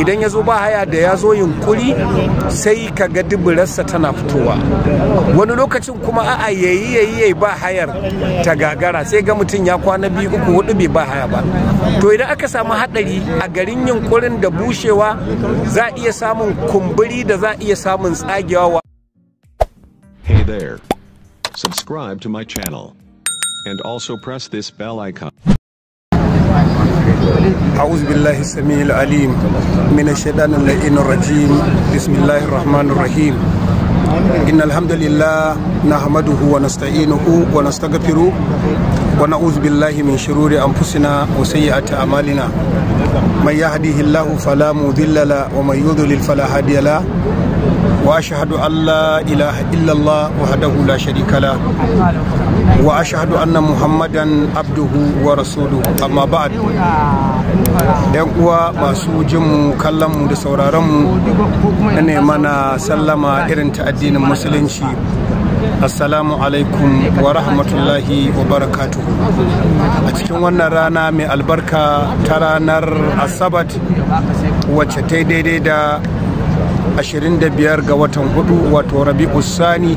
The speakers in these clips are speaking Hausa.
idan ya zo ba haya da ya zo yunkuri sai ka ga duburarsa tana fitowa wani lokacin kuma a'a yayi yayi yayi ba hayar ta gagara sai ga mutum ya kwana biyu uku hudu bai ba haya ba to idan aka samu hadari a garin yunkurin da bushewa za a iya samun kumburi da za a iya samun tsagewa hey there subscribe to my channel and also press this bell icon أعوذ بالله السميع العليم من الشيطان اللعين الرجيم بسم الله الرحمن الرحيم إن الحمد لله نحمده ونستعينه ونستغفره ونعوذ بالله من شرور أنفسنا وسيئات أعمالنا من يهده الله فلا مضل له ومن يضلل فلا هادي له وأشهد أن لا إله إلا الله وحده لا شريك له وأشهد أن محمدا عبده ورسوله أما بعد yan uwa masu jinmu mu da sauraronmu na ne mana sallama irin ta addinin musulunci assalamu alaikum wa rahmatullahi wa barakatu a cikin wannan rana mai albarka ta ranar asabat wacce ta daidai da 25 ga watan hudu wato rabi sani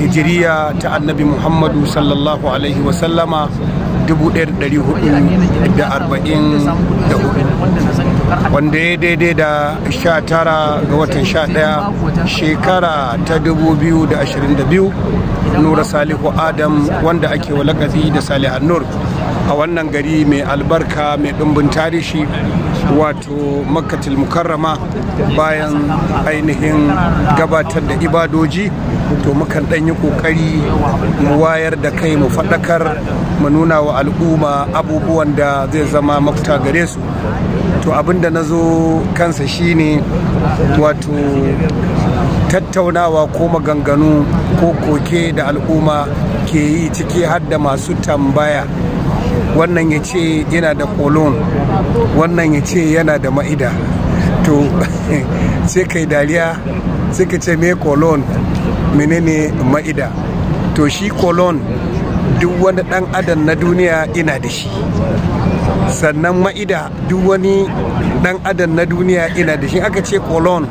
hijiriya ta annabi muhammadu sallallahu alaihi wasallama 1444 wanda ya daidai da sha tara ga watan sha 11 shekara ta 2022 nura salihu adam wanda ake walakazi da salih nur a wannan gari mai albarka mai ɗumbin tarihi wato makkatul mukarrama bayan ainihin gabatar da ibadoji to mukan ɗan yi ƙoƙari mu wayar da kai mu faɗakar mu nuna wa al'umma abubuwan da zai zama mafita gare su to abinda na zo kansa shine wato tattaunawa ko maganganu ko koke da al'umma ke yi ciki har da masu tambaya wannan ya ce yana da kolon wannan ya ce yana da ma'ida to sai kai dariya sai ka ce me kolon menene ma'ida to shi kolon duk wani dan adam na duniya ina da shi sannan ma'ida duk wani dan adam na duniya ina da shi aka ce kolon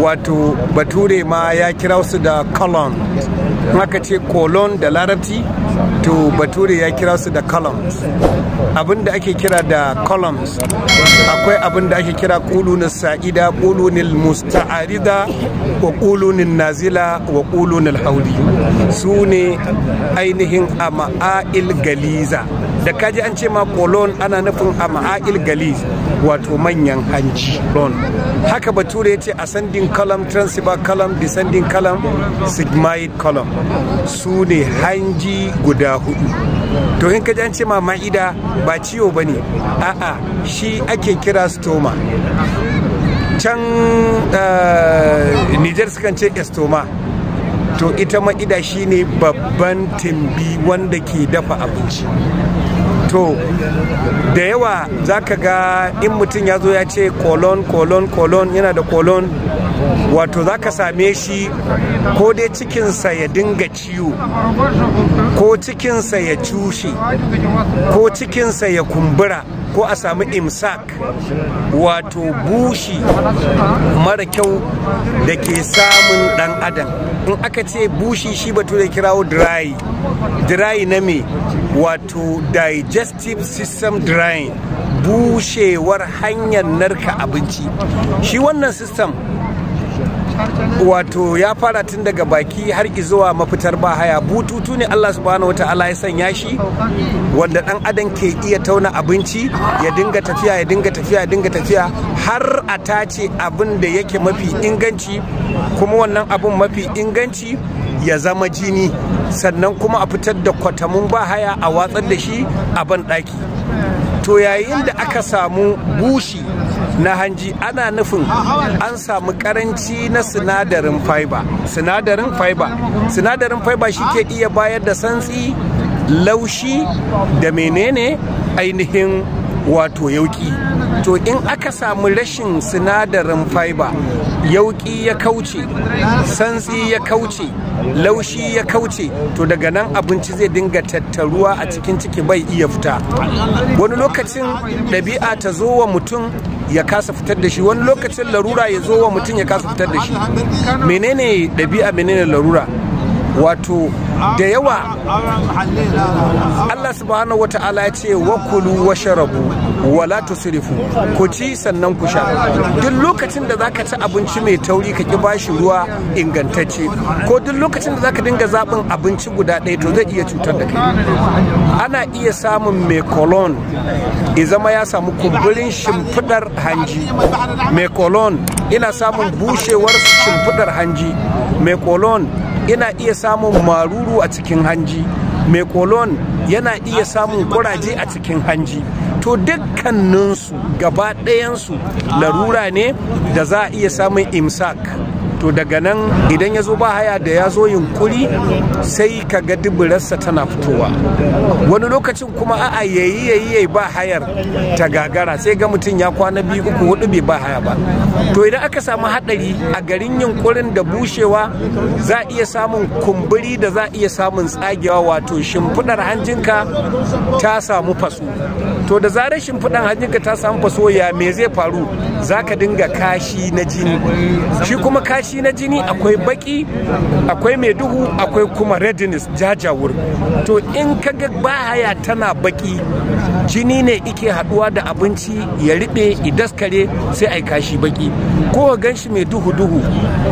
wato bature ma ya kira su da colon maka ce colon da larabci to bature ya kira su da columns abin da ake kira da columns akwai abin da ake kira kulunin sa'ida kulunin musta'arida wa kulunin nazila wa kulunin hauli su ne ainihin a ma'ail galiza da kaji an ce ma colon ana nufin a ma'ail galiz wato manyan hanci haka bature ya ce ascending column transverse column descending column sigmoid column su ne hanji guda hudu to in ka an ma ma'ida ba ciwo ba ne a'a shi ake kira stoma can eh, nijar sukan ce estoma to ita ma'ida shi ne babban timbi wanda ke dafa abinci to da yawa za ka ga in mutum ya zo ya ce kolon kolon kolon yana da kolon wato za ka same shi ko dai cikinsa ya dinga ciwo ko cikinsa ya cushe ko cikinsa ya kumbura ko a samu imsak wato bushi mara kyau da ke samun dan adam in aka ce bushi shi batu da kirawo dry dry na me wato digestive system drying bushewar hanyar narka abinci shi wannan system wato ya fara tun daga baki har zuwa mafitar bahaya bututu ne Allah subhanahu wataala ya sanya shi wanda dan adam ke iya tauna abinci ya dinga tafiya ya dinga tafiya ya dinga tafiya har a tace abin da yake mafi inganci kuma wannan abin mafi inganci ya zama jini sannan kuma a fitar da kwatamin bahaya a watsar da shi a ban daki to yayin da aka samu bushi na hanji ana nufin an samu karanci na sinadarin fiber sinadarin fiber sinadarin fiber shi ke iya bayar da santsi laushi da menene ainihin wato yauki to in aka samu rashin sinadarin fiber yauki ya kauce santsi ya kauce laushi ya kauce to daga nan abinci zai dinga tattaruwa a cikin ciki bai iya fita wani lokacin ɗabi'a ta zo wa mutum ya kasa fitar da shi wani lokacin larura ya zo wa mutum ya kasa fitar da shi menene ɗabi'a menene larura wato da yawa Allah subhanahu wata'ala ya ce wa kulu wa sharabu wala tusrifu ku ci sannan ku sha duk lokacin da zaka ci abinci mai tauri ka ki bashi ruwa ingantacce ko duk lokacin da zaka dinga zabin abinci guda ɗaya to zai iya cutar da kai ana iya samun mai colon ya zama ya samu kumburin shimfidar hanji mai colon ina samun bushewar shimfidar hanji mai colon yana iya samun maruru a cikin hanji mai kolon yana iya samun kuraje a cikin hanji to dukkaninsu gaba ɗayansu larura ne da za a iya samun imsak to daga nan idan ya zo ba haya da ya zo yunkuri sai ka ga dubirarsa tana fitowa wani lokacin kuma a yayi yayi yayi ba hayar ta gagara sai ga mutum ya kwana biyu uku hudu bai ba haya ba to idan aka samu hadari a garin yunkurin da bushewa za a iya samun kumburi da za a iya samun tsagewa wato shimfidar hanjinka ta samu faso to da zarar shimfiɗan hannunka ta samu fasoya me zai faru za ka dinga kashi na jini shi kuma kashi na jini akwai baki akwai mai duhu akwai kuma readiness jajawur to in ka ga bahaya tana baki jini ne ike haɗuwa da abinci ya riɓe idaskare sai ai kashi baki ko gan shi mai duhu duhu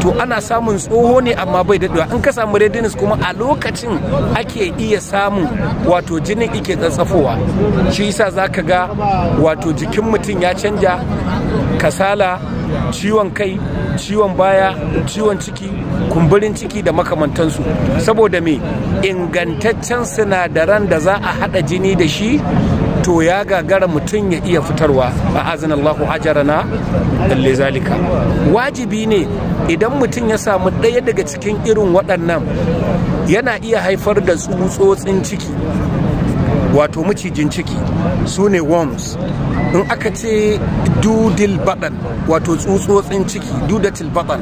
to ana samun tsoho ne amma bai daɗewa in ka samu readiness kuma a lokacin ake iya samun wato jinin ike tsatsafowa shi yasa za zaka ga wato jikin mutum ya canja kasala ciwon kai ciwon baya ciwon ciki kumburin ciki da makamantansu saboda me ingantaccen sinadaran da za a hada jini da shi to ya gagara mutum ya iya fitarwa a azinallahu ajarana dalle zalika wajibi ne idan mutum ya samu ɗaya daga cikin irin waɗannan yana iya haifar da tsutsotsin ciki wato macijin ciki su ne worms in aka ce dudil baɗan wato tsutsotsin ciki dudatil baɗan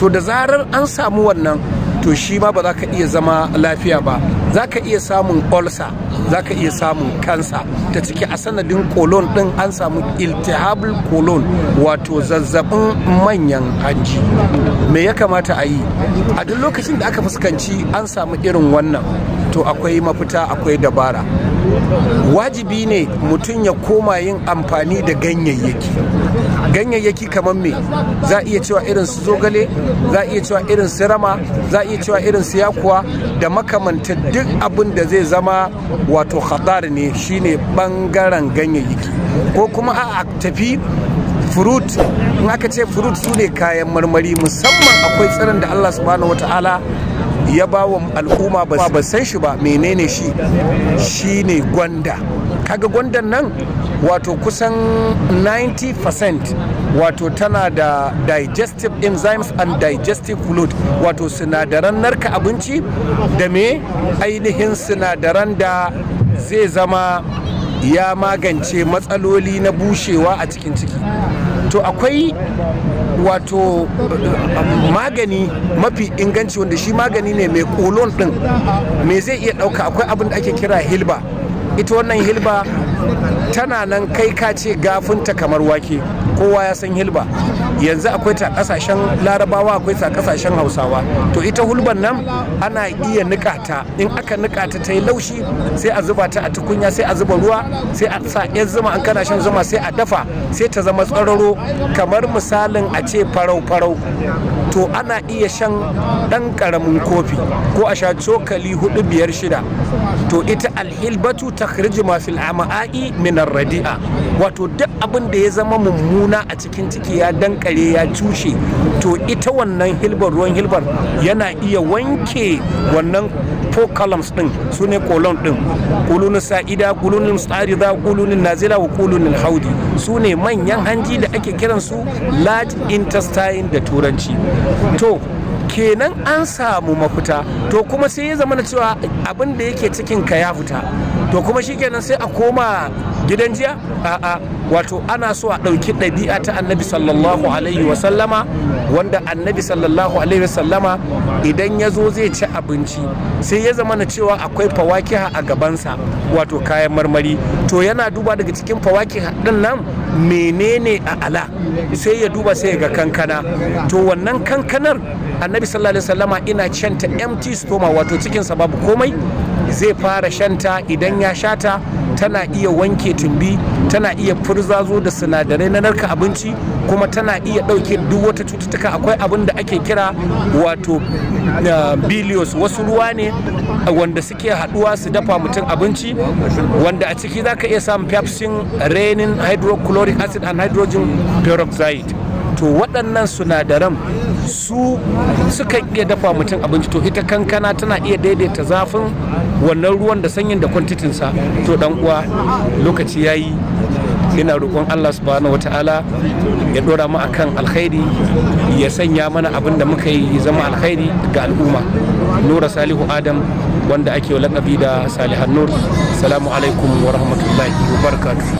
to da zarar an samu wannan to shi ma ba za ka iya zama lafiya ba za ka iya samun olsa za ka iya samun kansa ta ciki a sanadin kolon din an samu iltihabul kolon wato zazzabin manyan hanji me ya kamata a yi a duk lokacin da aka fuskanci an samu irin wannan to akwai mafita akwai dabara wajibi ne mutum ya koma yin amfani da ganyayyaki ganyayyaki kamar me za a iya cewa irin su zogale za a iya cewa irin su rama za a iya cewa irin su yakuwa da makamanta duk abin da zai zama wato hadar ne shine bangaren ganyayyaki ko kuma a tafi fruit in aka ce fruit su ne kayan marmari musamman akwai tsirin da allah subhanahu wataala ya ba wa al'umma ba san shi ba menene shi shi ne gwanda kaga gwandan nan wato kusan 90% wato tana da digestive enzymes and digestive fluid wato sinadaran narka abinci da me ainihin sinadaran da zai zama ya magance matsaloli na bushewa a cikin ciki to akwai wato um, magani mafi inganci wanda shi magani ne mai kolon din me zai iya dauka akwai abin da ake kira hilba ita wannan hilba tana nan kai ka ce gafinta kamar wake kowa ya san hilba yanzu akwai ta kasashen larabawa akwai ta kasashen hausawa to ita hulban nan ana iya nika in aka nika ta yi laushi sai a zuba ta a tukunya sai a zuba ruwa sai a sa yan zuma an kana shan zuma sai a dafa sai ta zama tsararo kamar misalin a ce farau farau to ana iya shan dan karamin kofi ko a sha cokali hudu biyar shida to ita alhilbatu takhrijuma fil ama'a'i min radi'a wato duk abin da ya zama mummuna a cikin ciki ya dankare ya cushe to ita wannan hilbar ruwan hilbar yana iya wanke wannan four columns din su ne kolon din kulunin sa'ida kulunin tsarida kulunin nazila wa kulunin haudi su ne manyan hanji da ake kiransu large intestine da turanci to kenan an samu mafita to kuma sai ya zama na cewa abinda yake cikin ka ya fita to kuma shi shikenan sai a koma gidan jiya a'a wato ana so a ɗauki ɗabi'a ta annabi sallallahu alaihi wa sallama, wanda annabi sallallahu alaihi wa sallama idan ya zo zai ci abinci sai ya zama na cewa akwai fawakiha a gabansa wato kayan marmari to yana duba daga cikin fawakiha ɗin nan menene a ala sai ya duba sai ga kankana to wannan kankanar annabi sallallahu alaihi sallama ina cinta empty stoma wato cikinsa babu komai zai fara shanta idan ya shata tana iya wanke tumbi tana iya furzazo da sinadarai na narka abinci kuma tana iya ɗauke duk wata cututtuka akwai abin da ake kira wato eh, bilios wasu ruwa ne eh, wanda suke haɗuwa su dafa mutum abinci wanda a ciki za ka iya samun pepsin renin hydrochloric acid and hydrogen peroxide to waɗannan sinadaran su suka iya dafa mutum abinci to ita kankana tana iya daidaita zafin wannan ruwan da sanyin da kwantitinsa to dan uwa lokaci ya yi ina roƙon Allah subhanahu wata'ala ya dora mu akan alkhairi ya sanya mana abin da muka yi zama alkhairi ga al'umma nura salihu adam wanda ake lakabi da salihan nur salamu alaikum wa rahmatullahi wa barakatuh